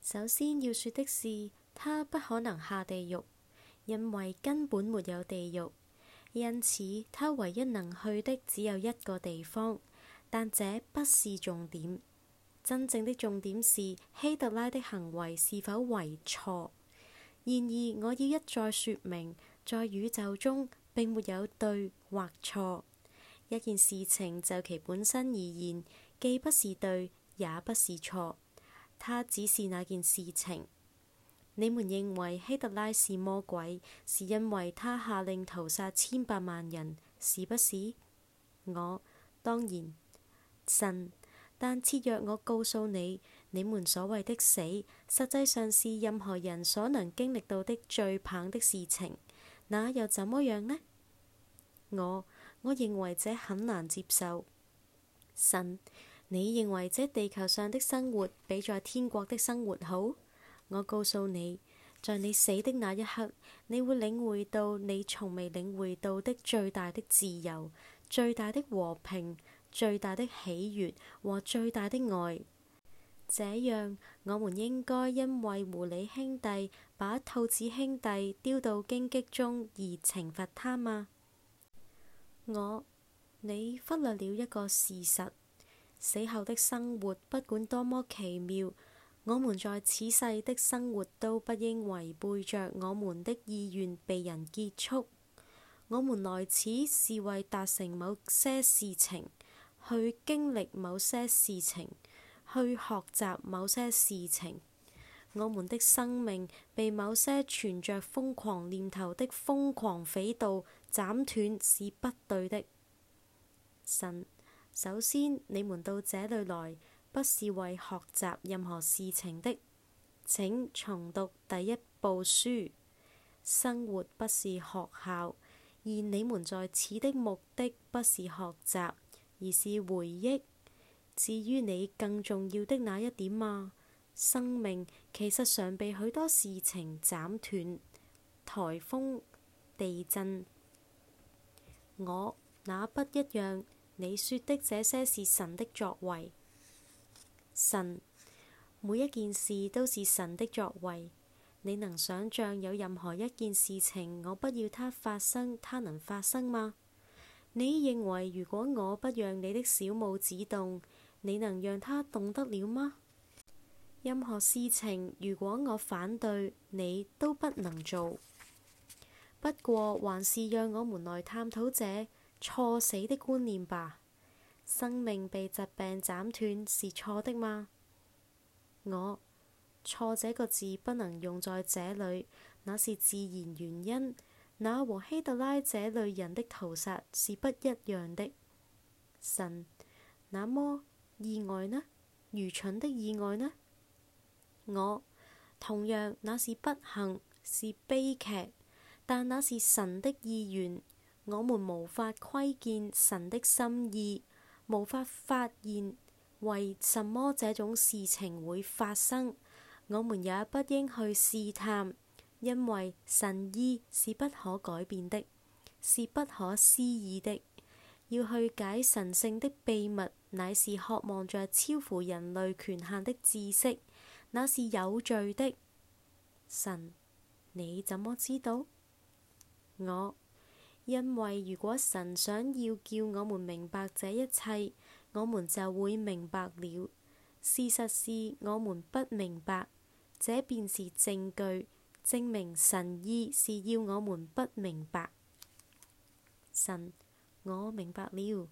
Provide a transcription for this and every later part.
首先要說的是，他不可能下地獄，因為根本沒有地獄。因此，他唯一能去的只有一個地方，但這不是重點。真正的重點是希特拉的行為是否為錯。然而，我要一再說明，在宇宙中並沒有對或錯。一件事情就其本身而言，既不是對，也不是錯。他只是那件事情。你們認為希特拉是魔鬼，是因為他下令屠殺千百萬人，是不是？我當然信，但切若我告訴你，你們所謂的死，實際上是任何人所能經歷到的最棒的事情，那又怎麼樣呢？我我認為這很難接受。神。你認為這地球上的生活比在天國的生活好？我告訴你，在你死的那一刻，你會領會到你從未領會到的最大的自由、最大的和平、最大的喜悅和最大的愛。這樣，我們應該因為狐狸兄弟把兔子兄弟丟到荊棘中而懲罰他嗎？我，你忽略了一個事實。死後的生活不管多麼奇妙，我們在此世的生活都不應違背着我們的意願被人結束。我們來此是為達成某些事情，去經歷某些事情，去學習某些事情。我們的生命被某些存着瘋狂念頭的瘋狂匪盜斬斷是不對的。神。首先，你們到這裏來不是為學習任何事情的。請重讀第一部書。生活不是學校，而你們在此的目的不是學習，而是回憶。至於你更重要的那一點嘛、啊，生命其實常被許多事情斬斷，台風、地震，我那不一樣。你說的這些是神的作為。神，每一件事都是神的作為。你能想像有任何一件事情我不要它發生，它能發生嗎？你認為如果我不讓你的小拇指動，你能讓它動得了嗎？任何事情如果我反對，你都不能做。不過還是讓我們來探討這。錯死的觀念吧，生命被疾病斬斷是錯的嗎？我，錯這個字不能用在這裏，那是自然原因，那和希特拉這類人的屠殺是不一樣的。神，那麼意外呢？愚蠢的意外呢？我同樣那是不幸，是悲劇，但那是神的意願。我們無法窺見神的心意，無法發現為什麼這種事情會發生。我們也不應去試探，因為神意是不可改變的，是不可思議的。要去解神聖的秘密，乃是渴望着超乎人類權限的知識，那是有罪的。神，你怎麼知道我？因為如果神想要叫我們明白這一切，我們就會明白了。事實是我們不明白，這便是證據，證明神意是要我們不明白。神，我明白了。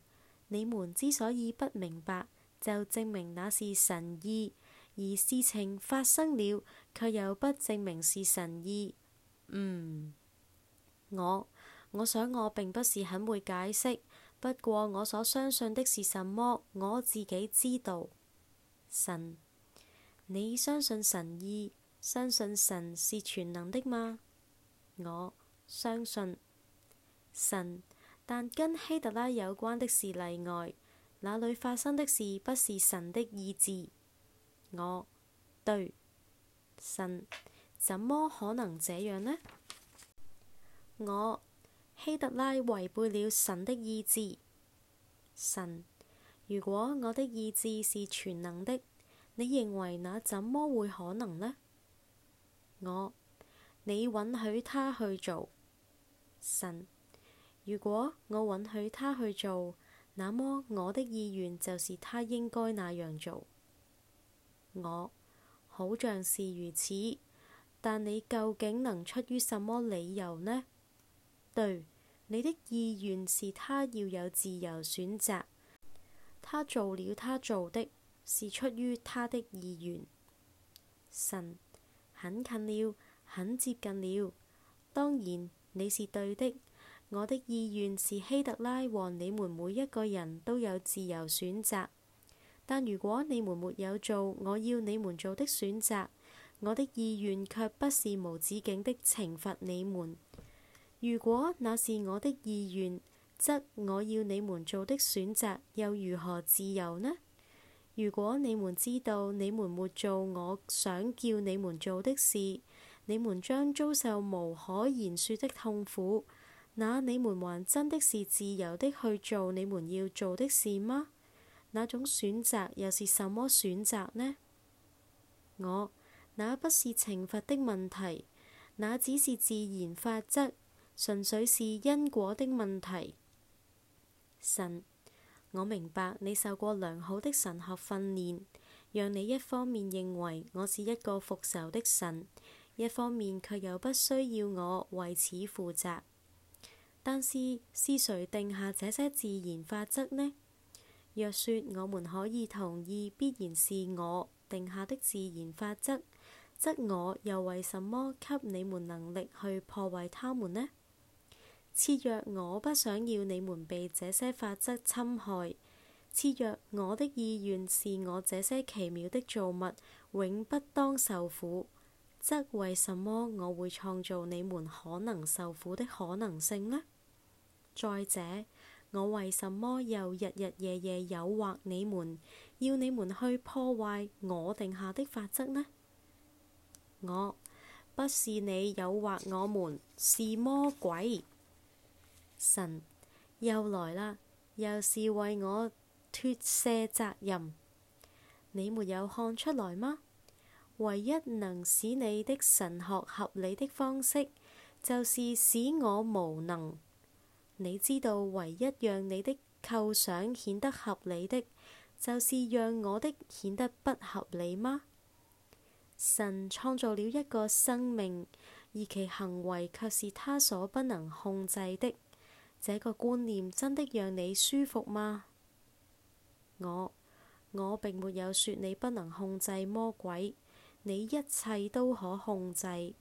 你們之所以不明白，就證明那是神意。而事情發生了，卻又不證明是神意。嗯，我。我想我並不是很會解釋，不過我所相信的是什麼，我自己知道。神，你相信神意，相信神是全能的嗎？我，相信。神，但跟希特拉有關的是例外，那裏發生的事不是神的意志。我，對。神，怎麼可能這樣呢？我。希特拉違背了神的意志。神，如果我的意志是全能的，你認為那怎麼會可能呢？我，你允許他去做。神，如果我允許他去做，那麼我的意願就是他應該那樣做。我，好像是如此，但你究竟能出於什麼理由呢？對，你的意願是，他要有自由選擇。他做了，他做的是出於他的意願。神很近了，很接近了。當然你是對的。我的意願是希特拉和你們每一個人都有自由選擇。但如果你們沒有做我要你們做的選擇，我的意願卻不是無止境的懲罰你們。如果那是我的意願，則我要你們做的選擇又如何自由呢？如果你們知道你們沒做我想叫你們做的事，你們將遭受無可言言說的痛苦，那你們還真的是自由的去做你們要做的事嗎？那種選擇又是什麼選擇呢？我，那不是懲罰的問題，那只是自然法則。純粹是因果的問題，神，我明白你受過良好的神學訓練，讓你一方面認為我是一個復仇的神，一方面卻又不需要我為此負責。但是是誰定下這些自然法則呢？若說我們可以同意，必然是我定下的自然法則，則我又為什麼給你們能力去破壞它們呢？切若我不想要你們被這些法則侵害，切若我的意願是我這些奇妙的造物永不當受苦，則為什麼我會創造你們可能受苦的可能性呢？再者，我為什麼又日日夜夜誘惑你們，要你們去破壞我定下的法則呢？我不是你誘惑我們，是魔鬼。神，又來啦，又是為我脫卸責任。你沒有看出來嗎？唯一能使你的神學合理的方式，就是使我無能。你知道唯一讓你的構想顯得合理的，就是讓我的顯得不合理嗎？神創造了一個生命，而其行為卻是他所不能控制的。這個觀念真的讓你舒服嗎？我，我並沒有說你不能控制魔鬼，你一切都可控制。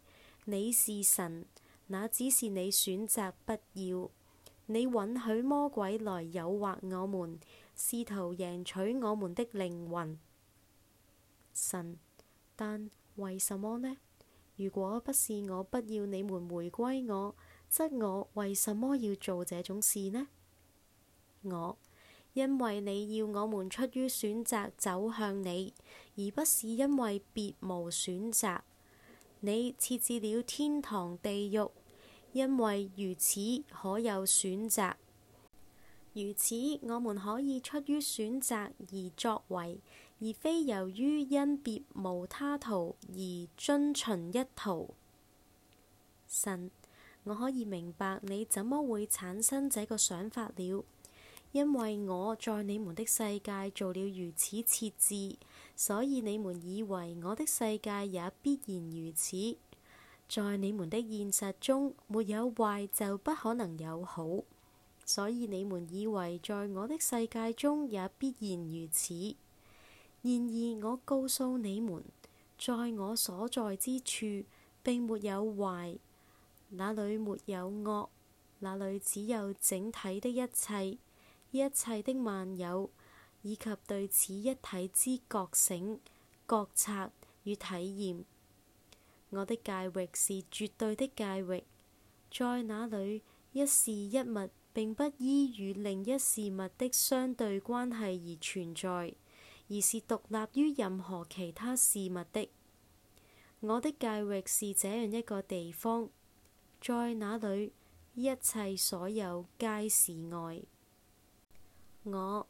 你是神，那只是你選擇不要。你允許魔鬼來誘惑我們，試圖贏取我們的靈魂。神，但為什麼呢？如果不是我不要你們回歸我。則我為什麼要做這種事呢？我因為你要我們出於選擇走向你，而不是因為別無選擇。你設置了天堂、地獄，因為如此可有選擇。如此我們可以出於選擇而作為，而非由於因別無他途而遵循一途。神，我可以明白你怎麼會產生這個想法了，因為我在你們的世界做了如此設置，所以你們以為我的世界也必然如此。在你們的現實中，沒有壞就不可能有好，所以你們以為在我的世界中也必然如此。然而，我告訴你們，在我所在之處，並沒有壞。那裏沒有惡，那裏只有整體的一切，一切的萬有，以及對此一體之覺醒、覺察與體驗。我的界域是絕對的界域，在那裏一事一物並不依與另一事物的相對關係而存在，而是獨立於任何其他事物的。我的界域是這樣一個地方。在那裏，一切所有皆是愛。我，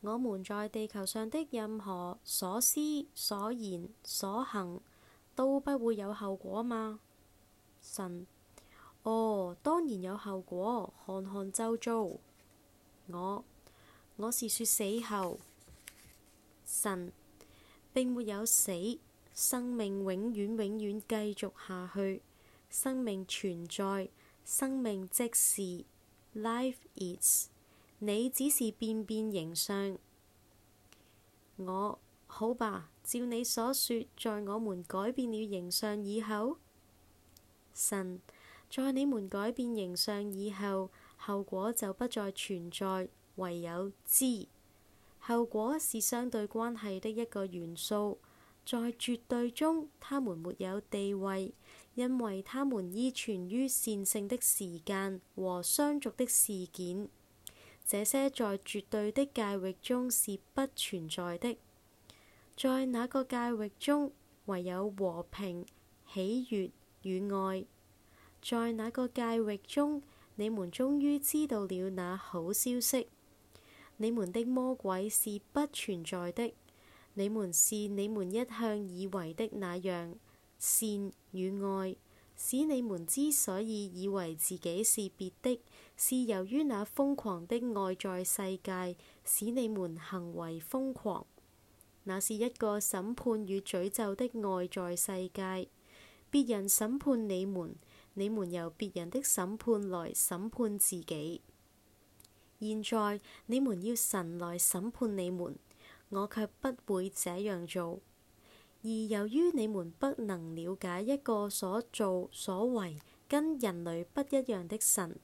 我們在地球上的任何所思、所言、所行，都不會有後果嗎？神，哦，當然有後果。看看周遭。我，我是說死後。神並沒有死，生命永遠永遠繼續下去。生命存在，生命即是 life is。你只是變變形相，我，好吧，照你所說，在我們改變了形相以後，神，在你們改變形相以後，後果就不再存在，唯有知。後果是相對關係的一個元素，在絕對中，他們沒有地位。因為他們依存於線性的時間和相續的事件，這些在絕對的界域中是不存在的。在那個界域中，唯有和平、喜悦與愛。在那個界域中，你們終於知道了那好消息：你們的魔鬼是不存在的。你們是你們一向以為的那樣。善與愛。使你們之所以以為自己是別的，是由於那瘋狂的外在世界使你們行為瘋狂。那是一個審判與詛咒的外在世界，別人審判你們，你們由別人的審判來審判自己。現在你們要神來審判你們，我卻不會這樣做。而由於你們不能瞭解一個所做所為跟人類不一樣的神，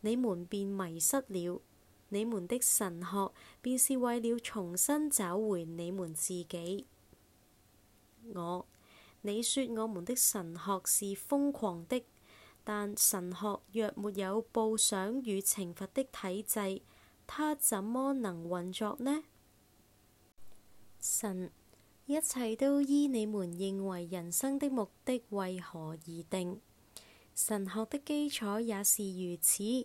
你們便迷失了。你們的神學便是為了重新找回你們自己。我，你說我們的神學是瘋狂的，但神學若沒有報賞與懲罰的體制，它怎麼能運作呢？神。一切都依你們認為人生的目的為何而定，神學的基礎也是如此。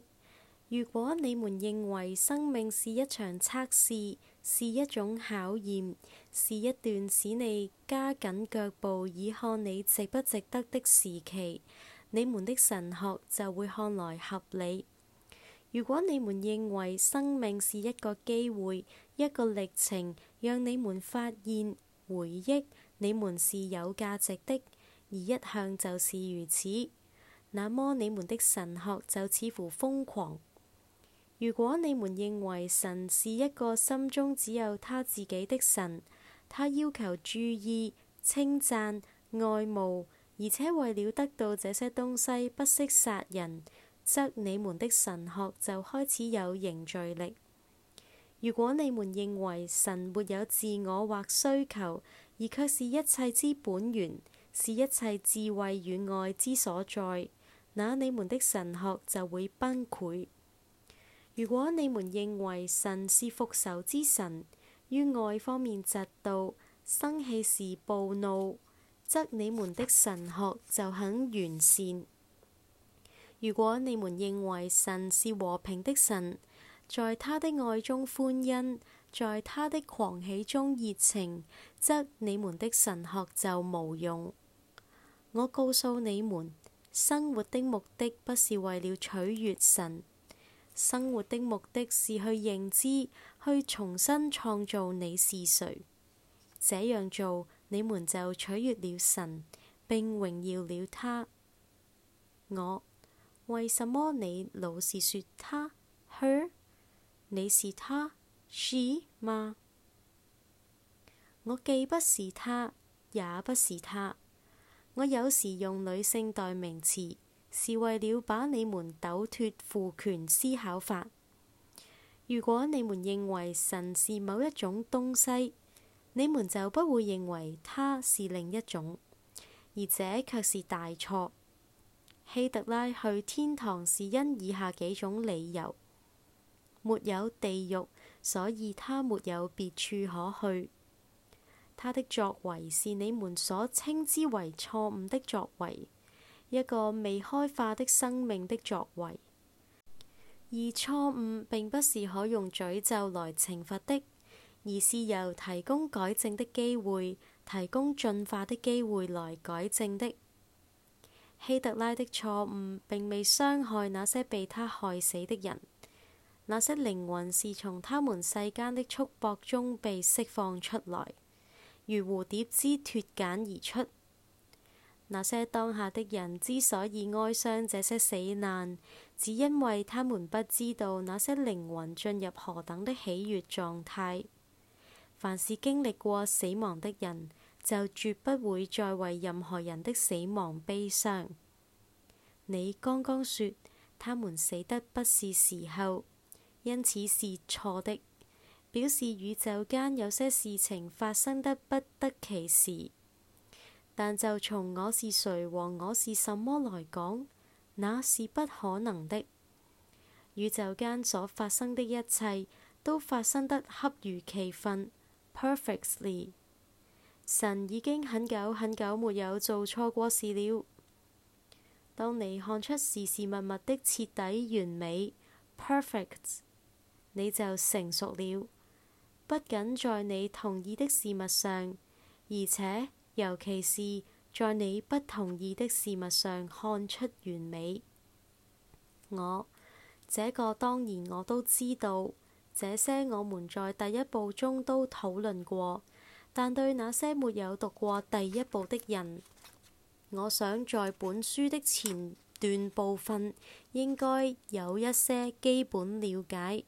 如果你們認為生命是一場測試，是一種考驗，是一段使你加緊腳步以看你值不值得的時期，你們的神學就會看來合理。如果你們認為生命是一個機會，一個歷程，讓你們發現……回憶你們是有價值的，而一向就是如此。那麼你們的神學就似乎瘋狂。如果你們認為神是一個心中只有他自己的神，他要求注意、稱讚、愛慕，而且為了得到這些東西不惜殺人，則你們的神學就開始有凝聚力。如果你們認為神沒有自我或需求，而卻是一切之本源，是一切智慧與愛之所在，那你們的神學就會崩潰。如果你們認為神是復仇之神，於愛方面嫉妒，生氣時暴怒，則你們的神學就很完善。如果你們認為神是和平的神，在他的愛中歡欣，在他的狂喜中熱情，則你們的神學就無用。我告訴你們，生活的目的不是為了取悦神，生活的目的，是去認知，去重新創造你是誰。這樣做，你們就取悦了神，並榮耀了他。我，為什麼你老是說他？你是她是 she 嗎？我既不是她，也不是她。我有時用女性代名詞，是為了把你們抖脱父權思考法。如果你們認為神是某一種東西，你們就不會認為他是另一種，而這卻是大錯。希特拉去天堂是因以下幾種理由。沒有地獄，所以他沒有別處可去。他的作為是你們所稱之為錯誤的作為，一個未開化的生命的作為。而錯誤並不是可用詛咒來懲罰的，而是由提供改正的機會，提供進化的機會來改正的。希特拉的錯誤並未傷害那些被他害死的人。那些靈魂是從他們世間的束縛中被釋放出來，如蝴蝶之脫繭而出。那些當下的人之所以哀傷這些死難，只因為他們不知道那些靈魂進入何等的喜悅狀態。凡是經歷過死亡的人，就絕不會再為任何人的死亡悲傷。你剛剛說他們死得不是時候。因此是錯的，表示宇宙間有些事情發生得不得其時。但就從我是誰和我是什麼來講，那是不可能的。宇宙間所發生的一切都發生得恰如其分，perfectly。Perfect ly，神已經很久很久沒有做錯過事了。當你看出事事物物的徹底完美，perfect。你就成熟了，不僅在你同意的事物上，而且尤其是，在你不同意的事物上看出完美。我這個當然我都知道，這些我們在第一部中都討論過，但對那些沒有讀過第一部的人，我想在本書的前段部分應該有一些基本了解。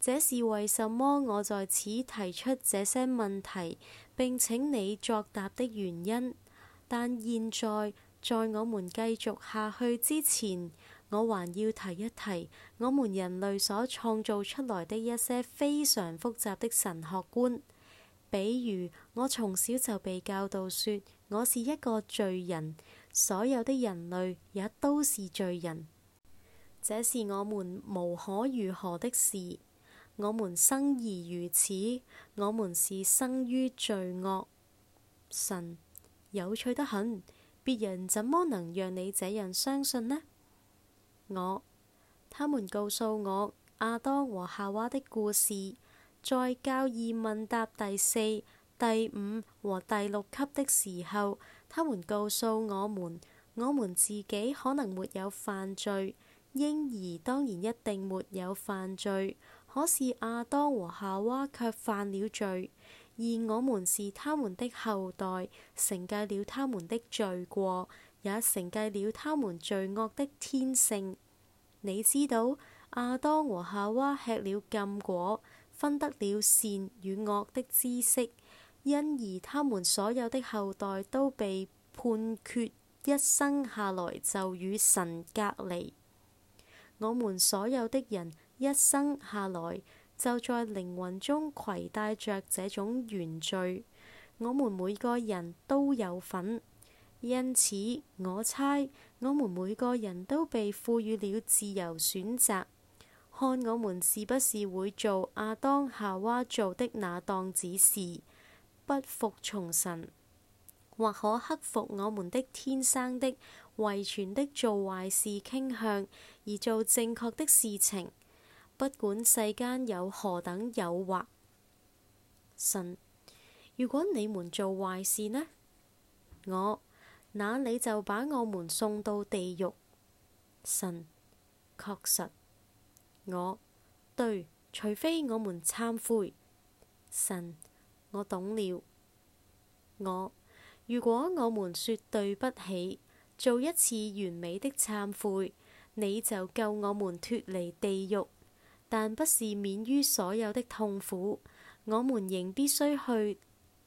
這是為什麼我在此提出這些問題，並請你作答的原因。但現在，在我們繼續下去之前，我還要提一提我們人類所創造出來的一些非常複雜的神學觀。比如我從小就被教導說我是一個罪人，所有的人類也都是罪人。這是我們無可如何的事。我們生而如此，我們是生於罪惡。神有趣得很，別人怎麼能讓你這樣相信呢？我，他們告訴我亞當和夏娃的故事，在教義問答第四、第五和第六級的時候，他們告訴我們，我們自己可能沒有犯罪，嬰兒當然一定沒有犯罪。可是亞當和夏娃卻犯了罪，而我們是他們的後代，承繼了他們的罪過，也承繼了他們罪惡的天性。你知道，亞當和夏娃吃了禁果，分得了善與惡的知識，因而他們所有的後代都被判決一生下來就與神隔離。我們所有的人。一生下來就在靈魂中攜帶着這種原罪，我們每個人都有份，因此我猜我們每個人都被賦予了自由選擇，看我們是不是會做亞當夏娃做的那檔子事，不服從神，或可克服我們的天生的遺傳的做壞事傾向，而做正確的事情。不管世間有何等誘惑，神，如果你們做壞事呢？我，那你就把我們送到地獄。神，確實，我，對，除非我們懺悔。神，我懂了。我，如果我們說對不起，做一次完美的懺悔，你就救我們脫離地獄。但不是免於所有的痛苦，我們仍必須去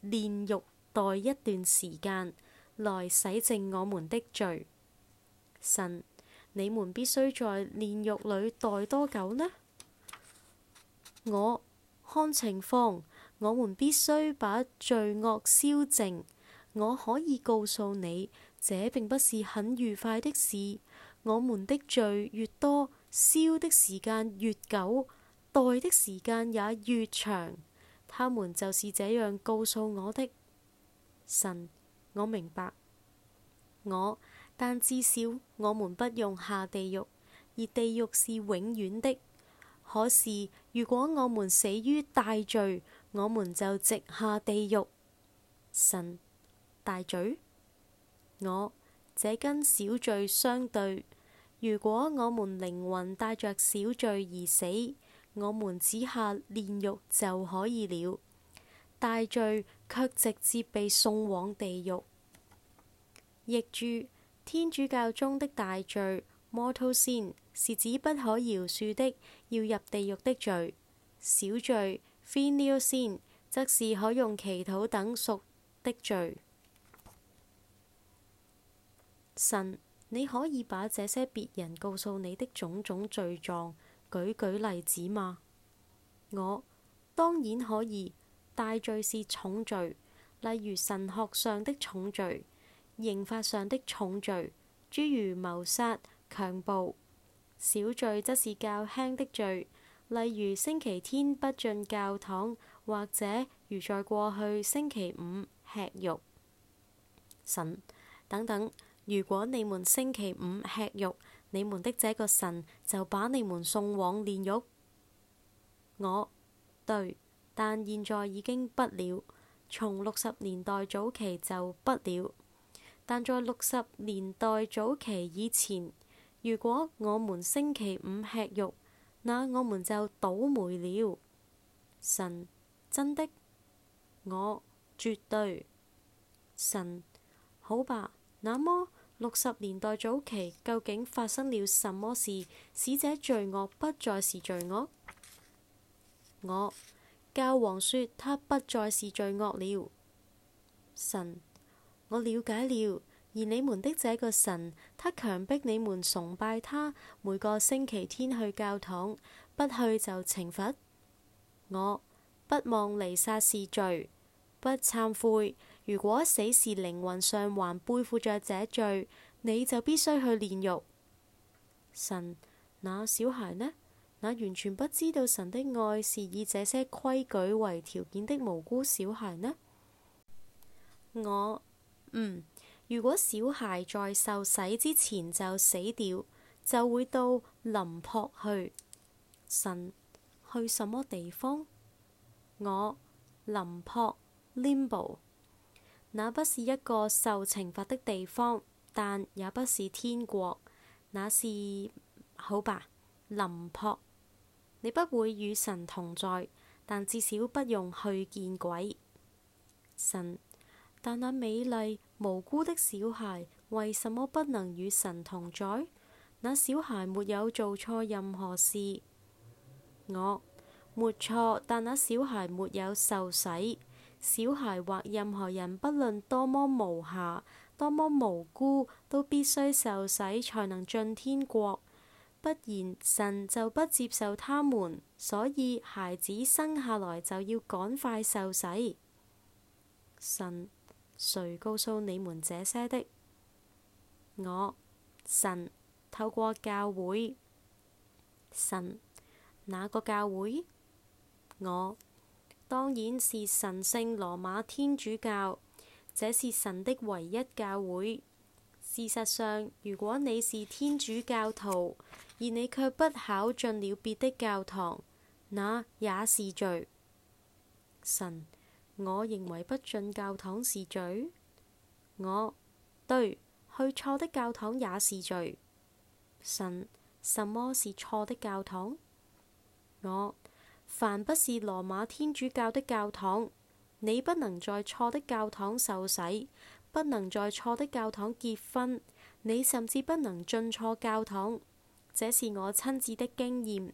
煉獄待一段時間，來洗淨我們的罪。神，你們必須在煉獄裏待多久呢？我看情況，我們必須把罪惡消淨。我可以告訴你，這並不是很愉快的事。我們的罪越多，燒的時間越久，待的時間也越長。他們就是這樣告訴我的。神，我明白。我，但至少我們不用下地獄，而地獄是永遠的。可是，如果我們死於大罪，我們就直下地獄。神，大罪？我，這跟小罪相對。如果我們靈魂帶著小罪而死，我們只下煉獄就可以了；大罪卻直接被送往地獄。譯註：天主教中的大罪 （mortal sin） 是指不可饒恕的要入地獄的罪；小罪 f i n i a l sin） 則是可用祈禱等贖的罪。信你可以把這些別人告訴你的種種罪狀舉舉例子嗎？我當然可以。大罪是重罪，例如神學上的重罪、刑法上的重罪，諸如謀殺、強暴。小罪則是較輕的罪，例如星期天不進教堂，或者如在過去星期五吃肉、神等等。如果你們星期五吃肉，你們的這個神就把你們送往煉獄。我對，但現在已經不了，從六十年代早期就不了。但在六十年代早期以前，如果我們星期五吃肉，那我們就倒霉了。神真的，我絕對神，好吧。那麼六十年代早期究竟發生了什麼事？使這罪惡不再是罪惡？我，教皇說他不再是罪惡了。神，我了解了。而你們的這個神，他強迫你們崇拜他，每個星期天去教堂，不去就懲罰。我，不望彌撒是罪，不懺悔。如果死時靈魂上還背負着這罪，你就必須去煉獄。神，那小孩呢？那完全不知道神的愛是以這些規矩為條件的無辜小孩呢？我嗯，如果小孩在受洗之前就死掉，就會到林泊去。神，去什麼地方？我林泊 limbo。Limbo, 那不是一個受懲罰的地方，但也不是天國。那是好吧，林朴，你不會與神同在，但至少不用去見鬼。神，但那美麗無辜的小孩為什麼不能與神同在？那小孩沒有做錯任何事。我沒錯，但那小孩沒有受洗。小孩或任何人，不論多麼無瑕，多麼無辜，都必須受洗才能進天國，不然神就不接受他們。所以孩子生下來就要趕快受洗。神，誰告訴你們這些的？我，神透過教會。神，哪個教會？我。當然是神聖羅馬天主教，這是神的唯一教會。事實上，如果你是天主教徒，而你卻不考進了別的教堂，那也是罪。神，我認為不進教堂是罪。我，對，去錯的教堂也是罪。神，什麼是錯的教堂？我。凡不是羅馬天主教的教堂，你不能在錯的教堂受洗，不能在錯的教堂結婚，你甚至不能進錯教堂。這是我親自的經驗，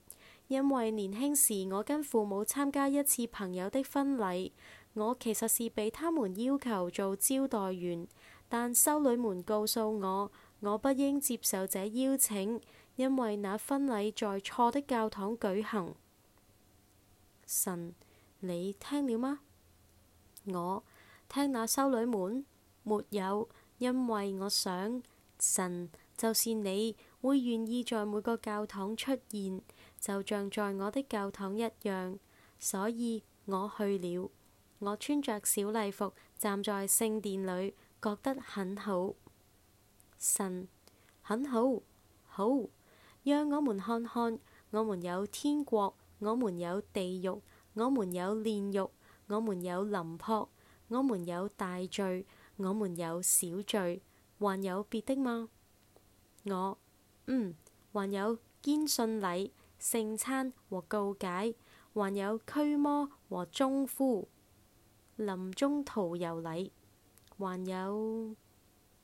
因為年輕時我跟父母參加一次朋友的婚禮，我其實是被他們要求做招待員，但修女們告訴我，我不應接受這邀請，因為那婚禮在錯的教堂舉行。神，你聽了嗎？我聽。那修女們沒有，因為我想神就是你，會願意在每個教堂出現，就像在我的教堂一樣。所以我去了。我穿着小禮服站在聖殿裏，覺得很好。神，很好。好，讓我們看看，我們有天國。我們有地獄，我們有煉獄，我們有林撲，我們有大罪，我們有小罪，還有別的嗎？我，嗯，還有堅信禮、聖餐和告解，還有驅魔和終傅，臨終塗油禮，還有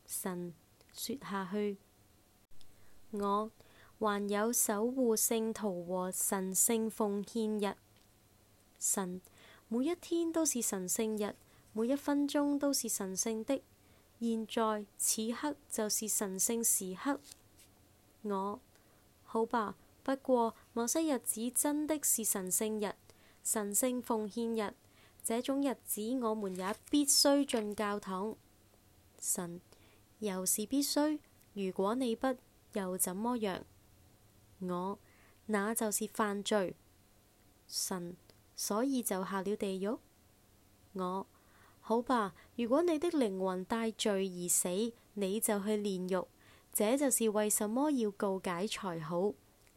神説下去，我。還有守護聖徒和神聖奉獻日，神，每一天都是神聖日，每一分鐘都是神聖的。現在此刻就是神聖時刻，我，好吧。不過某些日子真的是神聖日、神聖奉獻日，這種日子我們也必須進教堂。神，又是必須，如果你不又怎麼樣？我那就是犯罪，神，所以就下了地獄。我好吧，如果你的靈魂帶罪而死，你就去煉獄。這就是為什麼要告解才好，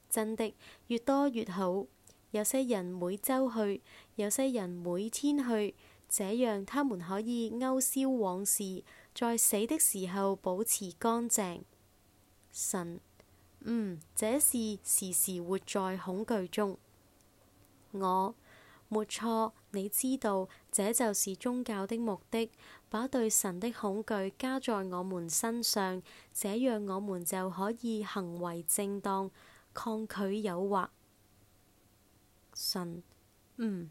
真的越多越好。有些人每周去，有些人每天去，這樣他們可以勾銷往事，在死的時候保持乾淨。神。嗯，這是時時活在恐懼中。我沒錯，你知道，這就是宗教的目的，把對神的恐懼加在我們身上，這樣我們就可以行為正當，抗拒誘惑。神，嗯嗯，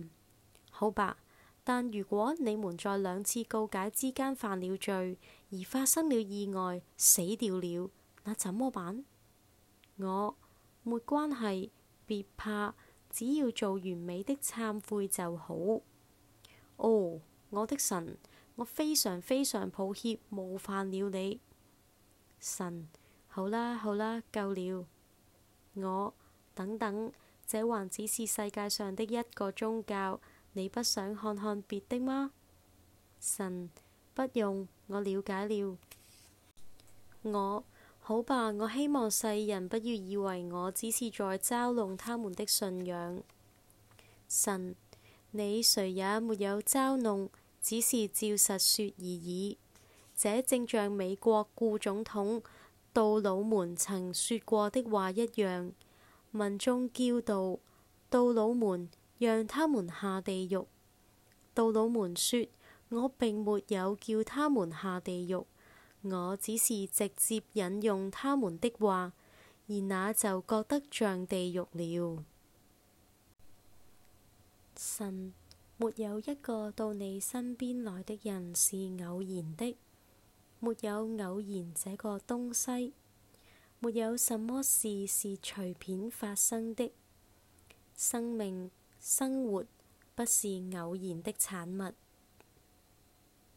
嗯好吧。但如果你們在兩次告解之間犯了罪，而發生了意外，死掉了。那、啊、怎麼辦？我，沒關係，別怕，只要做完美的懺悔就好。哦，我的神，我非常非常抱歉冒犯了你。神，好啦，好啦，夠了。我，等等，這還只是世界上的一個宗教，你不想看看別的嗎？神，不用，我了解了。我。好吧，我希望世人不要以為我只是在嘲弄他們的信仰。神，你誰也沒有嘲弄，只是照實說而已。這正像美國故總統杜魯門曾說過的話一樣。民眾叫道：杜魯門，讓他們下地獄。杜魯門說：我並沒有叫他們下地獄。我只是直接引用他們的話，而那就覺得像地獄了。神沒有一個到你身邊來的人是偶然的，沒有偶然這個東西，沒有什麼事是隨便發生的。生命生活不是偶然的產物。